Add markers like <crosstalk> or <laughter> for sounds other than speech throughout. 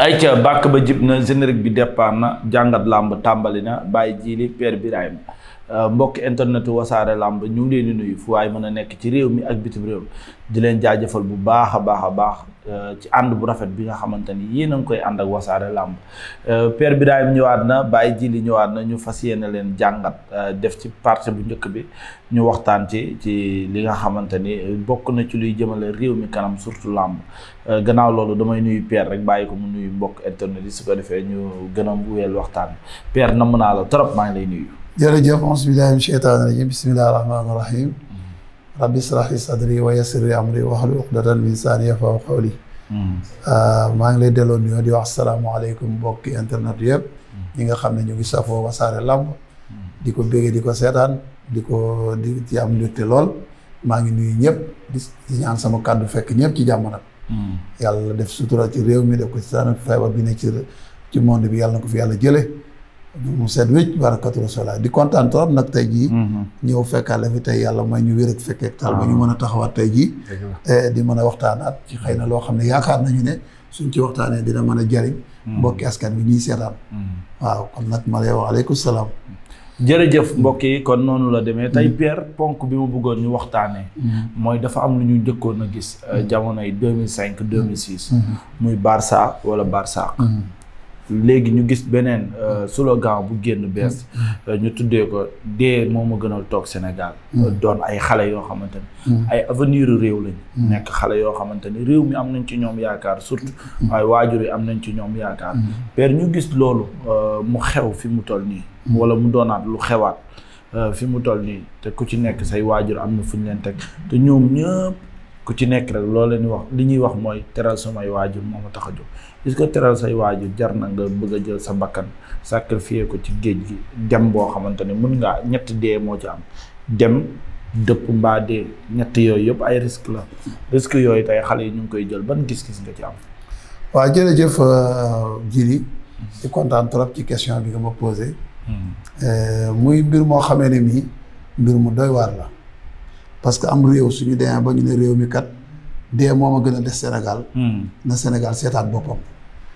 ay ayca bàkk ba jib na générique bi départ na jàngat làmb tàmbali na bàyyi jiili Père Birahim Euh, mbokk internetu wasaare làmb ñu ngi leen di nuyu fu waay mën a nekk ci réew mi ak bitim réew di leen jaajëfal bu baax a baax a baax euh, ci ànd bu rafet bi nga xamante ni yéen a ngi koy ànd ak wasaare làmb euh, Père Birahim ñëwaat na Baye Jili ñëwaat na ñu fas yéene leen jàngat def ci partie bu njëkk bi ñu waxtaan ci ci li nga xamante ni bokk na ci luy jëmale réew mi kanam surtout làmb gannaaw loolu damay nuyu Père rek bàyyi ko mu nuyu mbokk internet yi su ko defee ñu gën a wéyal waxtaan Père namm naa la ngi lay nuyu. jërëjëf auzu billaahi min sheytaani rajiim bismillaahi rahmaani rahiim rabbi israh li sadri wa yassir li amri wahlul uqdatan min lisaani yafqahu qawli hmm. ah, maa ngi lay delloo nuyoo di wax asalaamaaleykum mbokki internet yëpp hmm. ñi nga xam ne ñu ngi safoo wasaare lamb hmm. di ko béggee di ko seetaan di ko di ci am mbégte lool maa ngi nuyu ñëpp di ñaan sama kàddu fekk ñëpp ci jàmm nag yàlla def sutura ci réew mi def ko ci saana feebar bi ne ci ci monde bi yàlla na ko fi yàlla jële mu seet wécc barakatu rasulillah di kontaan trop nag tey jii. Mhm. ñëw fekkaale fi tey yàlla may ñu wér ak fekkee ak taal ba ñu ah. mën a taxawaat tey jii. Eh, di mën a waxtaanaat ci xëy na loo xam ne yaakaar nañu ne suñ ci waxtaanee dina mën a jariñ. Mhm. mbokki askan bi ñuy seetaan. Mhm. waaw kon nag ma lay wax salaam. jërëjëf mbokk yi kon noonu la demee tey Pierre ponk bi mu bëggoon ñu waxtaanee. mooy dafa am lu ñu njëkkoon a gis. Euh, jamono yi deux mille cinq deux mille six. muy Barça wala Barça. léegi ñu gis beneen euh, slogan bu génn bees mm. euh, ñu tuddee ko dee moo ma a toog Sénégal mm. euh, doon ay xale yoo xamante ni mm. ay avenir réew lañ nekk xale yoo xamante ni réew mi am nañ ci ñoom yaakaar surtout waaye waajur yi am nañ ci ñoom yaakaar père ñu gis loolu mu xew fi mu toll nii wala mu doonaat lu xewaat fi mu toll nii te ku ci nekk say waajur am na fu ñu leen teg te ñoom ñëpp ku ci nekk rek loolu leen wax li ñuy wax mooy teral samay waajur moo ma tax a jóg est-ce que teral say waajur jar na nga bëgg a jël sa bakkan sacrifier ko ci géej gi dem boo xamante ne mun ngaa ñett dee moo ci am dem dëpp mbaa dee ñett yooyu yëpp ay risque la risque yooyu tey xale yi ñu ngi koy jël ban gis-gis nga ci am waaw jërëjëf euh, Djily di kontaan trop ci question bi nga ma posé hmm. euh, muy mbir moo xamee ne mii mbir mu doy waar la parce que am réew suñu demee ba ñu ne réew mi kat dee moom a gën a des Sénégal. Hmm. na Sénégal seetaat boppam.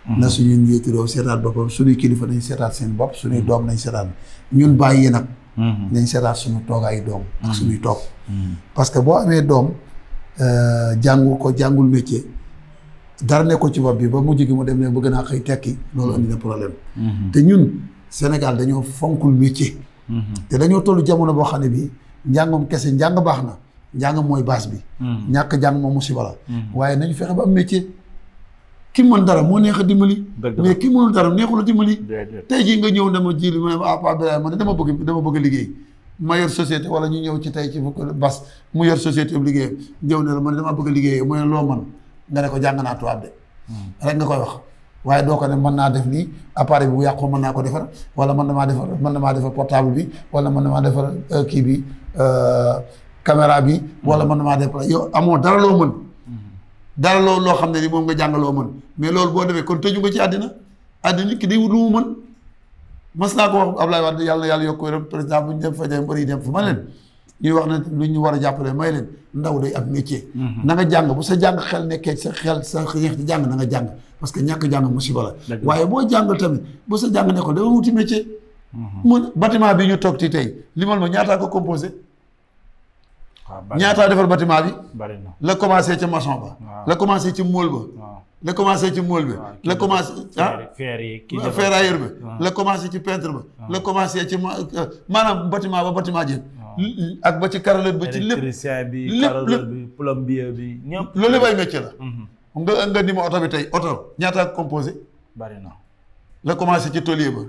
Hmm. na suñu njiitu réew seetaat boppam suñuy kilifa nañ seetaat seen bopp suñuy hmm. doom nañ seetaat ñun bàyyi nag. nañ seetaat suñu toogaayu doom. ak suñuy toog. parce que boo amee doom euh, jàngu ko jàngul métier. dara nekkoon ci bopp bi ba mujj gi mu dem ne bëgg naa xëy tekki loolu andi na problème. te ñun Sénégal dañoo fonkul métier. te dañoo tollu jamono boo xam ne bii njàngum kese njàng baax na. njàng mooy base bi. Hmm. ñàkk jàng moom musiba la. Hmm. waaye nañu fexe ba am métier. ki mën dara moo neex a dimbali. mais ki mënul dara neexul a dimbali. tey jii nga ñëw dama ji li ma ah Pape Birahim ma ne dama bëgg dama bëgg liggéey. ma yor société wala ñu ñëw ci tey ci bas mu yor société bu liggéey ñëw ne la ma ne dama bëgg liggéey mu ne loo mën nga ne ko jàng naa tubaab de. Hmm. rek nga koy wax. waaye doo ko ne mën naa def nii appareil bi bu yàqoo mën naa ko defar wala mën na maa defar man na maa defar portable bi wala mën na maa defar euh, kii bi euh, caméra bi wala man maa déplacé yow amoo dara loo mën mm-hmm. dara loo loo xam ne ni moom nga jàng loo mën mais loolu boo demee kon tëju nga ci àddina àddina nit ki day wut lu mu mën mas naa yàlla yàlla yokk wéram président bu ñu dem fa dem bëri leen ñuy wax na lu ñu war a jàppale may leen ndaw day ab métier mm-hmm. na nga jàng bu sa jàng xel nekkee sa xel sa yéex ci jàng na nga jàng parce que ñàkk jàng musiba la waaye boo jàng tamit bu sa jàng nekkoon dafa wuti métier mm-hmm. mun bâtiment bi ñu toog ci tey limal ma ñaataa ko composé ñaataa defar bâtiment bi. bari na la commencé ca maçon ba. la commencé ci mool ba. la commencé ci mool bi la commencé ah ferrailleur bi la commencé ci peintre bi la commencé ci euh, maanaam bâtiment ba bâtiment jën ak ba ci carreleur ba ci lépp électricien bi carreleur bi plombier bi ñëpp loolu bay métier la mhm. nga nga ni ma oto bi tey oto ñaata composé bari na la commencé ci tôlier ba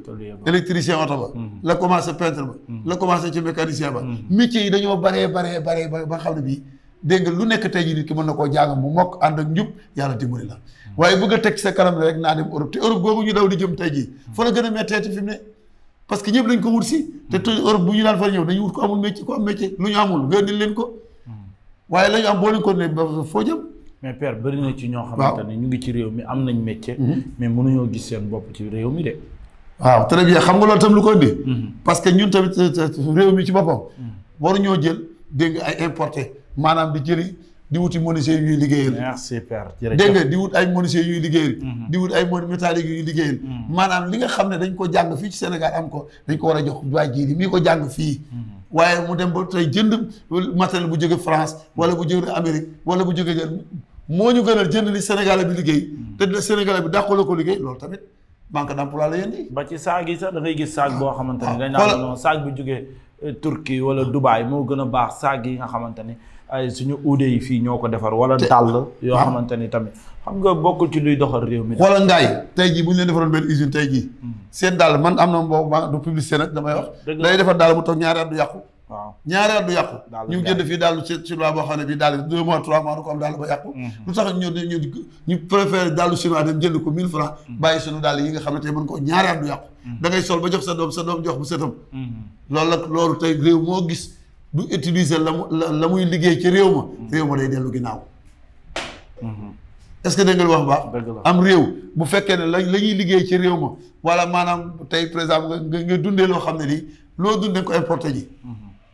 électricien oto ba mm-hmm. la commencé peintre ba mm-hmm. la commencé ci mécanicien ba mm-hmm. métier yi dañoo baree baree ba xam ne bii dégg lu nekk tey jii nit ki mën na koo jàng mu mokk ànd ak njub yàlla dimbali la waaye bëgg a teg sa kanam rek naa dem Europe te Europe googu ñu daw di jëm tey jii fa la gën a metteeti fi mu ne parce que lañ ko wut si te Europe bu ñu daan far ñëw dañu wut ko amul métier ko am métier lu ñu amul nga indil leen ko waaye la ñu am leen ko ne foo jëm mais père bëri na ci ñoo xamante ne ñu ngi ci réew mi am nañ métier. Mhm. mais mënuñoo gis seen bopp ci réew mi de. waaw très bien xam nga loolu tam lu ko di mhm. parce que ñun tamit euh, euh, réew mi ci boppam. Mhm. waruñoo jël dégg ay importé maanaam di jëli di wut ay menuisier yu ñuy maanaam li nga xam ne dañ ko jàng fii ci Sénégal am ko dañ ko war a jox waa ji di mii ko jàng fii. waaye mu dem ba tey jënd matériel bu jóge France wala bu jóge Amérique wala moo ñu gënal jënd li Sénégalais bi liggéey hmm. te Sénégalais bi dàqale ko liggéey loolu tamit manque d'emploi la yéen ba ci saag yi sax dangay gis saag boo ah, xamante ah, ni dañ naan non saag bu jógee euh, Turquie wala Dubaï moo gën a baax saag yi nga xamante ni ay suñu uude yi fii ñoo ko defar wala dàll ah. yoo xamante ni tamit xam nga bokkul ci luy doxal réew mi wala ngaay tey jii bu ñu leen defaroon benn usine tey jii hmm. seen dàll man am na mboo boobu du publicité nag damay wax day defar dàll mu toog ñaari at yàqu waaw ñaari at du yàqu ñu ngi jënd fii daal chinois boo xam ne bii daal deux mois trois mois du ko am daal ba yàqu mhm. lu tax ñu ñu ñu préféré daalu jënd ko mille francs mhm. bàyyi sunu daal yi nga xam ne tey mën ko ñaari at du yàqu mhm. da sol ba jox sa doom sa doom jox bu sëtam loolu nag loolu tey réew moo gis du utiliser la mu la muy liggéey ci réew ma réew ma day dellu ginnaaw est-ce que dégg nga wax baax am réew bu fekkee ne la la ñuy liggéey ci réew ma wala maanaam tey par exemple nga nga dundee loo xam ne nii loo dundee ko importé ji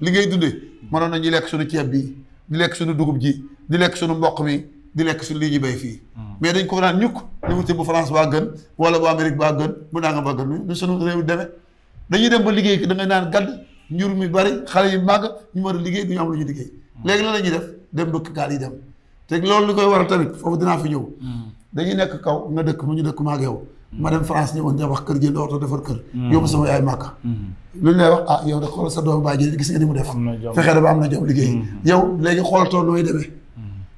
li ngay dundee mënoon na ñu lekk suñu ceeb bi di lekk suñu dugub ji di lekk suñu mboq mi di lekk suñu lii ñu béy fii hmm. mais dañ ko naan ñukk li wuti bu France baa gën wala bu Amérique baa gën bu nangam baa gën ñu suñu réew demee dañuy dem ba liggéey da ngay naan gadd njur mi bari xale yi màgg ñu war a liggéey du ñu am lu ñu liggéey hmm. léegi lan la ñuy def dem bëkk gaal yi dem te loolu li koy waral tamit foofu dinaa fi ñëw hmm. dañuy nekk kaw nga dëkk mu ñu dëkk maag yow ma dem France ñëwoon nga wax kër jënd oto defar kër. Mm. yóbbu sama yaay màkka. Mm. lu ñu wax ah yow da xoolal sa doomu baay ji gis nga ni mu def. fexe da ba am na jom liggéey. Mm. yow léegi xoolatoo nooy demee.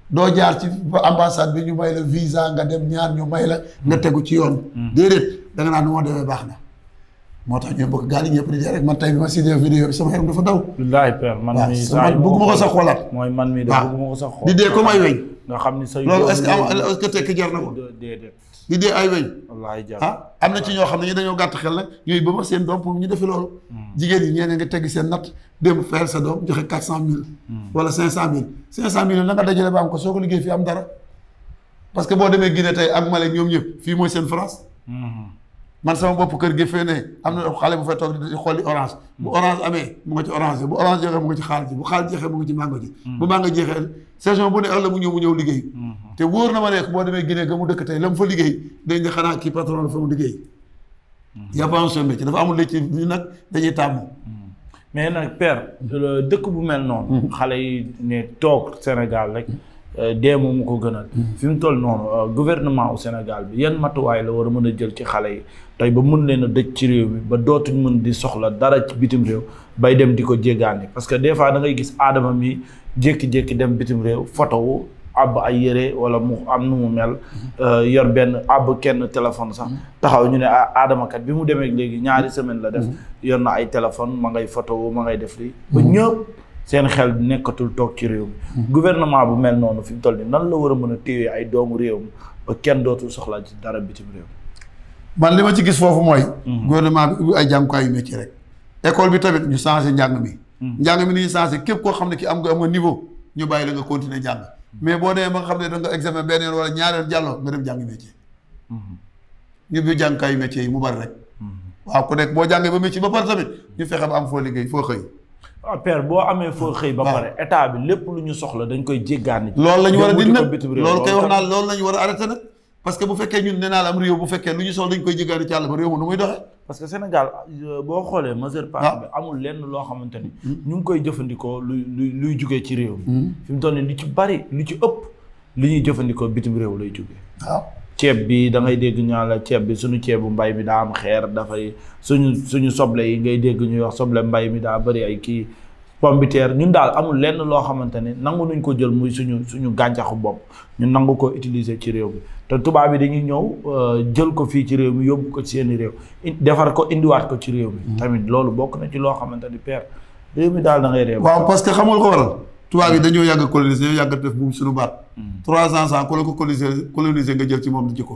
doo jaar ci ambassade bi ñu may la visa nga dem ñaar ñu may la. nga tegu ci yoon. déedéet da nga naan nu moo demee baax na. moo tax ñu bëgg gaal yi ñëpp di dee rek man tay bi ma si dee vidéo bi sama yaram dafa daw. wallaahi père man mii saa yi bëgguma ko sax xoolaat. mooy man ko sax xoolaat. ni sa loolu est di dee ay weñ ah am na ci ñoo xam ne ñu dañoo gàtt xel nag ñooy ba ma seen doom pour ñu defi loolu hmm. jigéen ñi ñeneen nga tegg seen natt dem fayal sa doom joxe quatre cent mille hmm. wala cinq cent mille cinq cent mille na nga dajale ba am ko soo ko liggéey fii am dara parce que boo demee Guinée tey ak Mali ñoom ñëpp fii mooy seen France hmm. man sama bopp kër gi fee ne am na xale bu fa toog di xooli orange bu orange amee mu nga ci orange bu orange jeexee mu nga ci xaalis ji bu xaalis jeexee mu nga ci mango ji hmm. bu mango jeexee saison bu ne ëllëg mu ñëw mu ñëw liggéey hmm. te wóor na ma nekk boo demee Guinée ga mu dëkk tey la mu fa liggéey dañ ne xanaa kii patron la fa mu liggéey hmm. y'a pas un seul dafa amul léegi nii nag dañuy tàmm mais nag per dëkk bu mel noonu xale yi ne toog Sénégal rek Euh, dee moom mu ko gënal. Mm-hmm. fi mu toll noonu euh, gouvernement au Sénégal bi yan matuwaay la war a mën a jël ci xale yi tey ba mun leen a dëj ci réew mi ba dootuñ mën di soxla dara ci bitim réew bay dem di ko jéggaani parce que des fois da gis aadama mi jékki-jékki dem bitim réew photo wu àbb ay yére wala mu am nu mu mel mm-hmm. euh, yor benn àbb kenn téléphone sax mm-hmm. taxaw ñu ne ah, aadamakat bi mu demee léegi ñaari semaine la def yor na ay téléphone ma ngay photo ma ngay def lii seen xel nekkatul toog ci réew mi mhm. bu mel noonu fi mu toll nii nan la war a mën a téye ay doomu réew kenn dootul soxlaa ci dara bitim réew man li ma ci gis foofu mooy mhm. gouvernement bi ay jàngukaay yu métier rek école bi tamit ñu changé njàng mi mhm. njàng mi ni ñu changé képp koo xam ne ki am nga am nga niveau ñu bàyyi la nga continuer jàng mais boo dee ba nga xam ne da nga examen beneen yoon wala ñaareel jàlloo nga dem jàng métier ñu bi jàngkaayu métier yi mu bari rek waaw ku nekk boo jàngee ba métier ba pare tamit ñu fexe ba am foo liggéey foo xëy Ah, père boo amee foo xëy ba pare état bi lépp lu ñu soxla dañ koy jéggaani loolu la ñu war a dindi loolu naa loolu la ñu war a arrêté nag parce que bu fekkee ñun nee naa la am réew bu fekkee lu ñu soxla dañ koy jéggaani ci àll ba réew mu nu muy doxee parce que Sénégal euh, boo xoolee majeure partie ah. bi amul lenn loo xamante ni hmm. ñu ngi koy jëfandikoo lu lu luy jugee ci réew mi hmm. fi mu toll nii lu ci bari lu ci ëpp li ñuy jëfandikoo bitim réew lay jugee ah. ceeb bi da ngay dégg ñaa la ceeb bi suñu ceebu mbay mi daa am xeer dafay suñu suñu soble yi ngay dégg ñuy wax soble mbay mi daa bëri ay kii pombiteer ñun daal amul lenn loo xamante ne nangu nuñ ko jël muy suñu suñu gàncaxu bopp ñu nangu ko utiliser ci réew mi te tubaab yi dañuy ñëw euh, jël ko fii ci réew mi yóbbu ko ci seeni réew defar ko indiwaat ko ci réew mi mm. tamit loolu bokk na ci loo xamante ni père réew mi daal da ngay réew waaw parce que xamul ko waral tubaab yi dañoo yàgg coloniser dañoo yàgg def buum suñu baat. Mm. trois cent ans ku la ko coloniser coloniser nga jël ci moom jikko.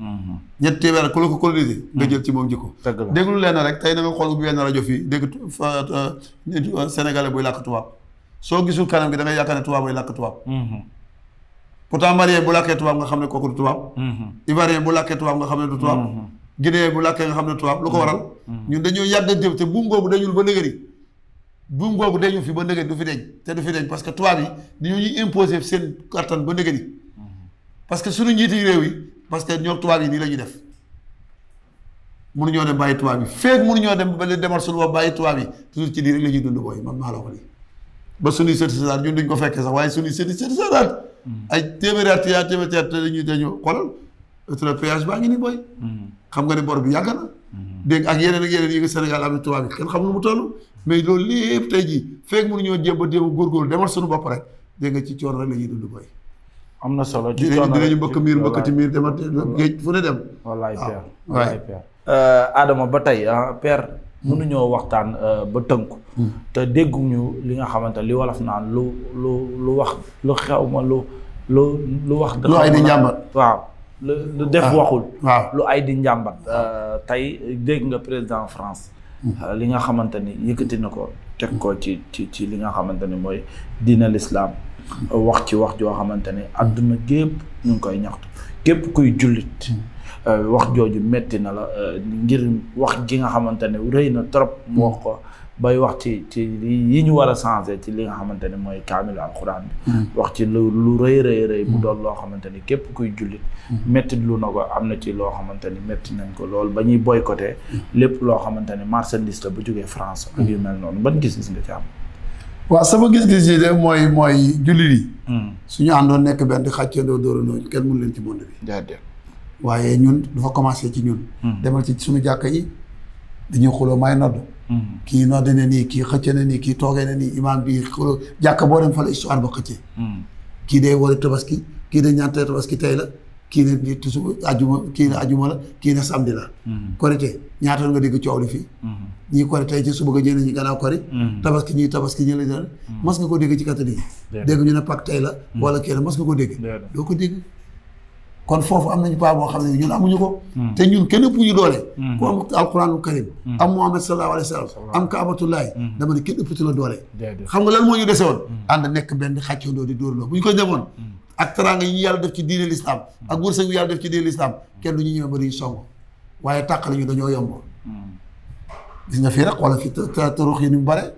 Mm-hmm. ñetti téeméer ku mm. la déglu leen rek tey na nga xool benn rajo fii dégg euh, euh, Sénégalais buy làkk tubaab soo gisul kanam gi da ngay yaakaar ne tubaab buy làkk tubaab. Mm-hmm. pourtant malien bu làkkee tubaab nga xam ne kooku du tubaab. Mm-hmm. ivoirien bu làkkee tubaab nga xam ne du tubaab. guinéen bu làkkee nga xam ne tubaab lu ko waral. ñun dañoo yàgg a te buum boobu dañul ba nëgëri buum googu dañu fi ba ndëgën du fi deñ te du fi deñ parce que tubaab yi ni ñu ñuy imposer seen kattan ba ndëgën yi parce que suñu njiiti réew yi parce que ñoo tubaab yi nii la ñuy def mënuñoo dem bàyyi ba leen demal suñu bopp bàyyi tubaab yi toujours ci lii rek la ñuy dund booy man maa la ko nii ba suñuy sëti sëtaat ñun duñ ko fekkee sax waaye suñu sëti sëti sëtaat ay téeméeri at yaa téeméeri at dañu xoolal te péage baa ngi nii booy mm-hmm. xam nga ne bor bi yàgg na mm-hmm. dégg ak yeneen ak yeneen yi nga am tubaab yi kenn xam lu mu toll mais loolu lépp tey jii fekk mënuñoo jéem a démb góorgóorlu demal suñu bopp rek dégg nga ci coono rek la ñuy dund koy. am na solo ci coono dinañu mbëkk miir mbëkkati miir demal géej fu ne dem. wallaay père ah, wallaay père. Euh, ba tey ah, père. Hmm. mënuñoo waxtaan euh, ba tënku. Hmm. te dégguñu li nga xamante li wolof naan lu lu lu wax lu xew ma lu lu lu wax. lu ay di njàmbat waaw. lu def ah. waxul. waaw lu ay di njàmbat. Euh, tey dégg nga président France. Euh, li nga xamante ni yëkkati na ko teg ko ci ci ci li nga xamante ni mooy dina lislaam euh, wax ci wax joo xamante ni àdduna gépp ñu ngi koy ñaxtu gépp kuy jullit euh, wax jooju metti na la ngir wax ji nga xamante ne rëy na trop mu wax ko bay wax ci ci yi ñu war a changé ci li nga xamante ne mooy kaamilu alxuraan bi mm-hmm. wax ci lu lu rëy rëy rëy bu mm-hmm. doon loo xamante ni képp kuy jullit mm-hmm. mettit lu na ko am na ci loo xamante ni métti nañ ko lool ba ñuy boycotté lépp loo xamante ni marchandise la bu jógee France ak yu mel noonu ban gis-gis nga ci am waaw sama gis-gis yi de mooy mooy jullit yi mm. suñu àndoon nekk benn xàccee xàccandoo dóorandoo kenn mënu leen ci monde bi waaye ñun dafa commencé ci ñun demal ci suñu jàkka yi dañuy xuloo may Mm-hmm. kii nodde na nii kii xëcce na nii kii toogee na nii imaam bi xool jàkka boo dem fa la histoire ba xëccee. Mm-hmm. kii day wóor tabaski kii day ñaata tabaski tey la kii ne di tusu ajuma kii ne ajuma la kii ne samedi la. Mm-hmm. korite ñaata nga dégg coow li fii. ñii korite ci suba nga jënd ñi gannaaw kori. tabaski ñii tabaski ñi la jënd. mas nga ko dégg ci catholique yi. dégg ñu ne Pâques tey la. wala kenn mas nga ko dégg. doo ko dégg. kon foofu am nañu paa boo xam ne ñun amuñu ko. Hmm. te ñun kenn ëpp ñu doole. Hmm. ku am alquranul karim. Hmm. am muhammad sallallahu alayhi wa sallam am kaabatullahi dama ne kenn ëppatu la doole. xam nga lan moo ñu dese woon. ànd nekk benn xàccandoo di dóorloo bu ñu ko demoon. ak teraanga yi ñu yàlla def ci diine l'islam ak wërsëg yi yàlla def ci diine l'islam kenn du ñu ñëw ba di song waaye tàqali ñu dañoo yomb. gis nga fii rek wala fi tarux yi ni mu bare.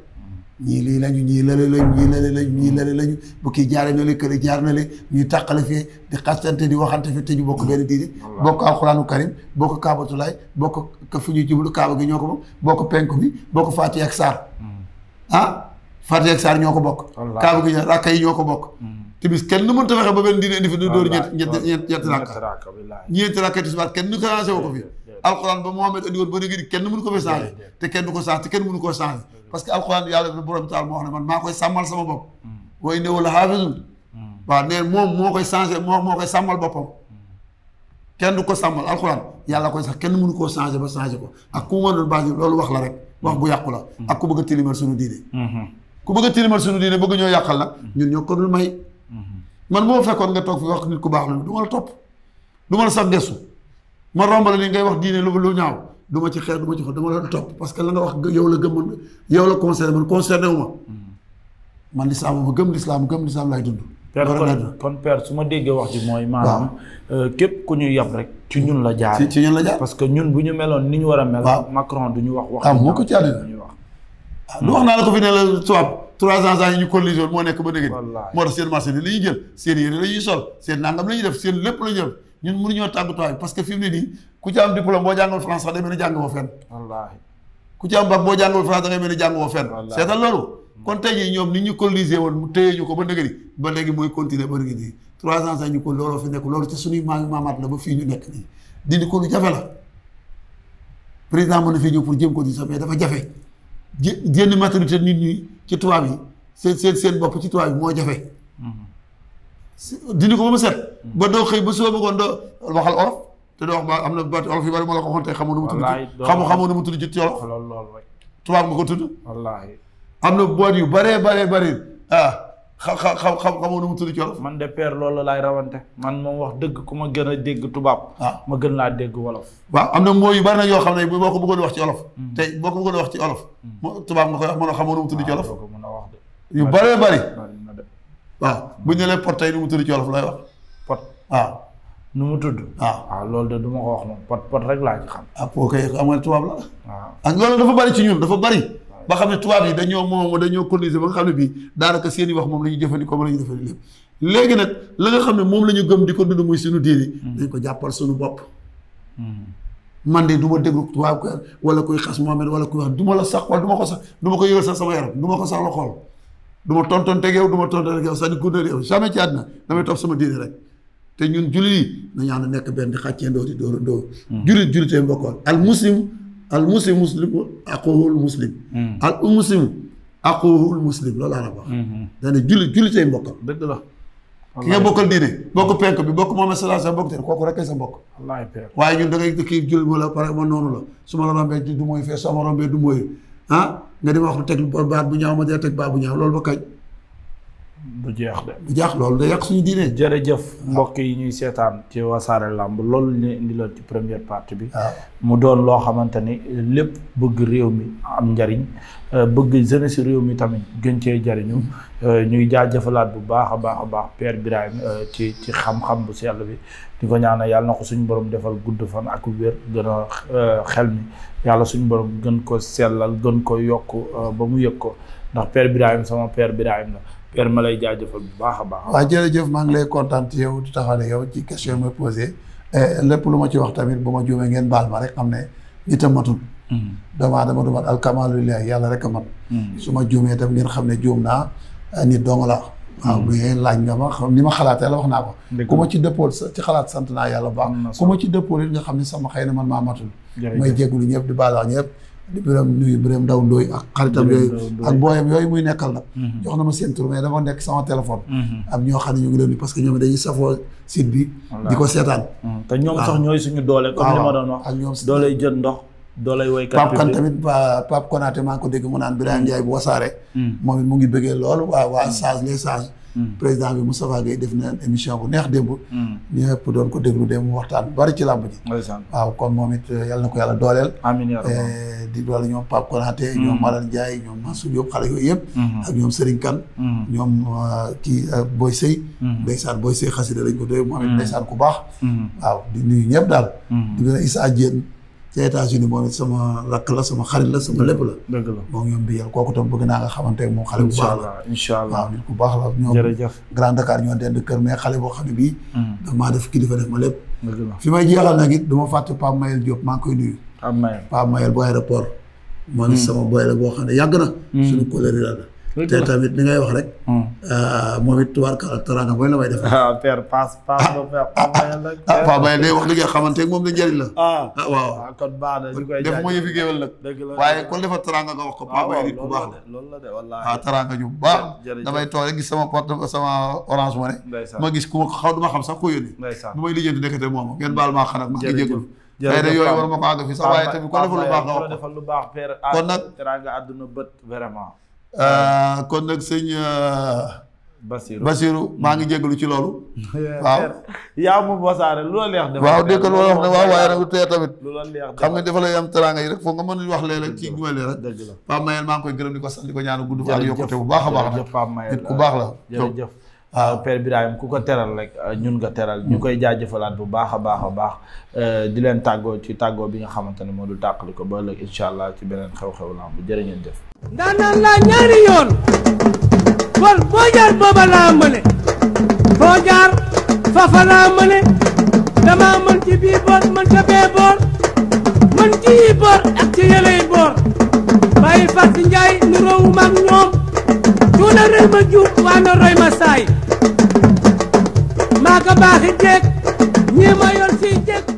ñii lii lañu ñii lale lañu ñii lale lañu ñii lale lañu bu kii jaare na le kële jaar na le ñuy tàqale fee di xastante di waxante fi te ñu bokk benn diine bokk alxuraanu karim bokk kaabatulaay bokk fu ñu jublu kaaba gi ñoo ko bokk bokk penk bi bokk faati ak saar hmm. ah faati ak saar ko bokk kaaba gi ñoo ràkka yi ñoo ko bokk hmm. kenn mënta fexe ba benn diine indi fi du dóor ñett ñett ñetti ràkka ñeenti ràkka kenn nu ko rangé ko fi alxuraan ba Mohamed andi woon ba léegi kenn mënu ko fi changé te kenn du ko changé te kenn mënu koo changé parce que alxuraan yàlla borom taal moo wax ne maa koy sàmmal sama bopp. wa innahu la xaafisun. waaw nee moom moo koy sàmmal boppam. kenn du ko sàmmal alxuraan yàlla koy sax kenn mënu koo changé ba changé ko ak ku mu mën a loolu wax la rek wax bu yàqu la. Mm-hmm. ak ku bëgg a tilimal suñu diine. Mm-hmm. ku bëgg a tilimal suñu diine bëgg ñoo yàqal nag. Mm-hmm. ñun ñoo ko dul may. man moo fekkoon nga toog fi wax nit ku baax la du la topp. du la sax gëstu ma romb la ni ngay wax diine du ma ci xeex du ci xool dama la topp parce que la nga wax yow la gëm man yow la concerné man concerné ma hmm. man lislaam ma gëm lislaam gëm dund. kon kon père su ma wax ji mooy. maanaam euh, képp ku ñu yab rek. ci ñun la jaar ci ñun parce que ñun bu ñu meloon ni ñu war a mel. Macron ñu wax wax. ah moo ko ci àddina ñu wax. Ah, lu wax naa la ko fi la tubaab trois cents nekk ba dëgg. moo tax seen marché bi la ñuy jël seen yére la ñuy sol seen nangam la def seen lépp la ñuy def. ñun mënuñoo tàggatuwaay parce que fi mu ne nii ku ci am diplôme boo jàngal France sax day mel ni jàngoo fenn. ku ci am bac boo jàngal France da ngay jàngoo fenn. wallaahi seetal loolu. kon tey jii ñoom ni ñu colonisé woon mu téye ñu ko ba ndëgëri ba léegi ba léegi trois cent cinq ñu ko looloo fi nekk loolu ci suñuy maam maamaat la ba fii ñu nekk nii dindi ko lu jafe la président mën na fi ñëw pour jéem ko di sax mais dafa jafe jé génn maturité nit ñi ci tubaab yi seen seen seen ci tubaab yi moo dindi ko ba mu set. ba doo xëy ba soo bëggoon doo waxal olof te doo wax ba am na baati olof yu bari ma la ko waxoon tey xamoo nu mu mu tudd ci Wolof. lool lool rek. tubaab ko tudd. wallaahi. am na boîte yu baree baree bari ah. xam xam xam xamoo nu mu tudd ci wolof. Ah, man de père loolu laay rawante. man moom wax dëgg ku ma gën a dégg tubaab. Ah. ma gën laa dégg wolof. waaw am na moo yu bari na yoo xam ne boo ko bëggoon wax ci wolof. Hmm. tey boo ko bëggoon wax ci wolof. Hmm. tubaab nga koy wax man xamoo nu mu tudd ci wolof. Ah, yu baree bari. waaw bu ñu nee pot tey nu mu tudd ci wolof lay wax. pot waaw. nu mu tudd. waaw waaw loolu de du ma ko wax moom pot pot rek laa ci xam. ah ok xam nga tubaab la. Ah, bari ci ñun dafa bari. ba xam ne tubaab yi dañoo moom dañoo coloniser ba nga xam daanaka seen i wax moom la jëfandikoo ba la ñuy léegi nag la nga xam ne moom la ñu gëm di ko dund muy suñu diini. Hmm. dañ ko jàppal suñu bopp. Hmm. man de du ma déglu tubaab wala kuy xas Mohamed wala kuy wax du ma la sax wala du ko sax du ma ko yëgal sax sama yaram du ma ko sax la xool du ma tontonteeg yow du ma tontonteeg yow sànni kuréel yow jamais ci àddina damay topp sama diine rek te ñun jullit yi nañu ànd nekk benn di xàcceendoo di dóor dóor. Hmm. jullit jullitee mbokkoon al muslim al muslim muslim aquhul muslim. Hmm. al muslim aquhul muslim loolu la wax. Hmm, dana jullit jullitee mbokkoon. dëgg la. ki nga bokkal diine bokk penk bi bokk moom sala sa bokk te kooku rek sa mbokk waaye ñun da ngay kii jullit moo la pare ma noonu la su ma la rombee du mooy fee su ma rombee du mooy ah nga di wax wax teg baat bu ñaaw ma dee teg baat bu ñaaw loolu ba kañ. bu jeex de. bu jeex loolu da yàq suñu diine. jërëjëf ah. mbokk yi ñuy seetaan ci wasaare làmb loolu ñu indiloon ci première partie bi. Ah. mu doon loo xamante ni lépp bëgg réew mi am njariñ Euh, bëgg jeunesse réew mi tamit gën cee jariñu euh, ñuy jaajëfalaat bu baax a baax a baax Père Birahim euh, ci ci xam-xam bu sell bi di ko ñaanal yàlla na ko suñ borom defal gudd fan ak wér gën a xel mi yàlla suñ borom gën ko sellal gën ko yokk ba mu yëg ko ndax Père Birahim sama Père Birahim na Père ma lay jëfal bu baax a baax. waaw jërëjëf maa ngi lay kontaan ci yow taxale yow ci question yi ma posé lépp lu ma ci wax tamit bu ma juumee ngeen baal ma rek Mm-hmm. doomu aadama du mat alkamaalu lillaahi yàlla rek a mat mm-hmm. su ma juumee tam ngeen xam ne juum naa nit dong la waaw bu mm-hmm. ngeen laaj nga ma xam ni ma xalaatee la wax naa ko ku ma ci dëppool ci xalaat sant naa yàlla baax ku ma ci dëppool it nga xam ne sama xëy na man maa matul may jégalu ñëpp di baalax ñëpp di biram nuyu biram daw ndooy ak xaritam yooyu ak booyam yooyu muy nekkal nag jox na ma seen tur dama nekk sama téléphone am ñoo xam ne ñu que ñoom dañuy safoo site bi di ko seetaan te ñoom sax ñooy jël ndox doolay woykat Pape Kane tamit Pape maa ko dégg mu naan Birame Ndiaye bu wasaare. Mm. moom it mu ngi bëggee lool waa waa mm. Sage les Sages. Mm. président bi Moustapha Gueye def na émission bu neex démb. ñëpp doon ko déglu démb waxtaan bari ci làmb ji. waaw kon moom it eh, yal na ko yàlla dooleel. amiin eh, di doole ñoom Pape Konaté. ñoom Malal Ndiaye ñoom Mansour Diop xale yooyu yëpp. Mm-hmm. ak ñoom Serigne Kane. Mm-hmm. ñoom kii eh, Boy Sey. Mm-hmm. ndeysaan Boy Sey xasida lañ ko doy moom it ndeysaan ku baax. waaw di nuyu ñëpp daal. di nuyu ci États-Unis moom sama rakk la sama xarit la sama lépp la. dëgg la moom ñoom bi yàlla kooku tam bëgg naa nga xamante ne moom xale bu baax la allah waaw baax la ñoom jërëjëf Grand Dakar ñoo dend kër mais xale boo xam ne bii hmm. daf maa def kilifa def ma lépp dëgg la fi may jeexal nag it du ma fàtte Pape Mayel Diop maa ngi koy nuyu Pape Mayel bu aéroport moo hmm. ne sama boy la boo xam ne yàgg na hmm. suñu colère la te tamit ni ngay wax rek. Hmm. Ah, moom it tubaar kàlla teraanga mooy la may def. ah père Paa Mbaye day wax li xamante ne moom la njëriñ la. ah, ah waaw ah, kon baax na ñu koy def mooy yëfi géwél nag. la waaye kon dafa teraanga nga wax ko Paa Mbaye nit bu baax la. loolu de wallaahi ah teraanga ñu baax. damay toog rek gis sama porte sama orange money. ma gis ku ma xaw duma xam sax koo yónni. ndeysaan bu may lijjanti nekkate moom ngeen baal maa xanaa ma ngi jégalu. jërëjëf yooyu war ma ko àgg fi sax waaye tamit ko defal baax nga Euh, kon nag sëñ. Euh, Basiru Basiru maa ngi mm. jégalu ci loolu. <laughs> waaw yaa mu wasaare lu la leex. waaw dégg nga loolu wax ne waaw waaye nag lu tee tamit. lu la leex xam nga dafa lay am teraanga yi rek foog nga mën wax léeg-léeg ci ñëwale rek. dëgg la Pape maa ngi koy gërëm di ko sant di ko ñaan gudd. ak yokkute bu baax a baax nag Pape Mayel nit ku baax la. jërëjëf waaw ah, Père ku ko teral rek ah, ñun nga teral. ñu mm. koy jaajëfalaat bu baax a baax a baax. Euh, di leen tàggoo ci tàggoo bi nga xamante ne moo du tàqali ko ba ëllëg incha allah ci beneen xew-xew lamb jërë ngeen def ndaanaan laa ñaari yoon kon boo booba laa mëne foo jaar fafa laa mëne dama mën ci mën ca mën ci yi boor ak ci yeley nu roowu maag ñoom cuuna rëy ma waa na roy ma maa ko baaxi ñii ma yor si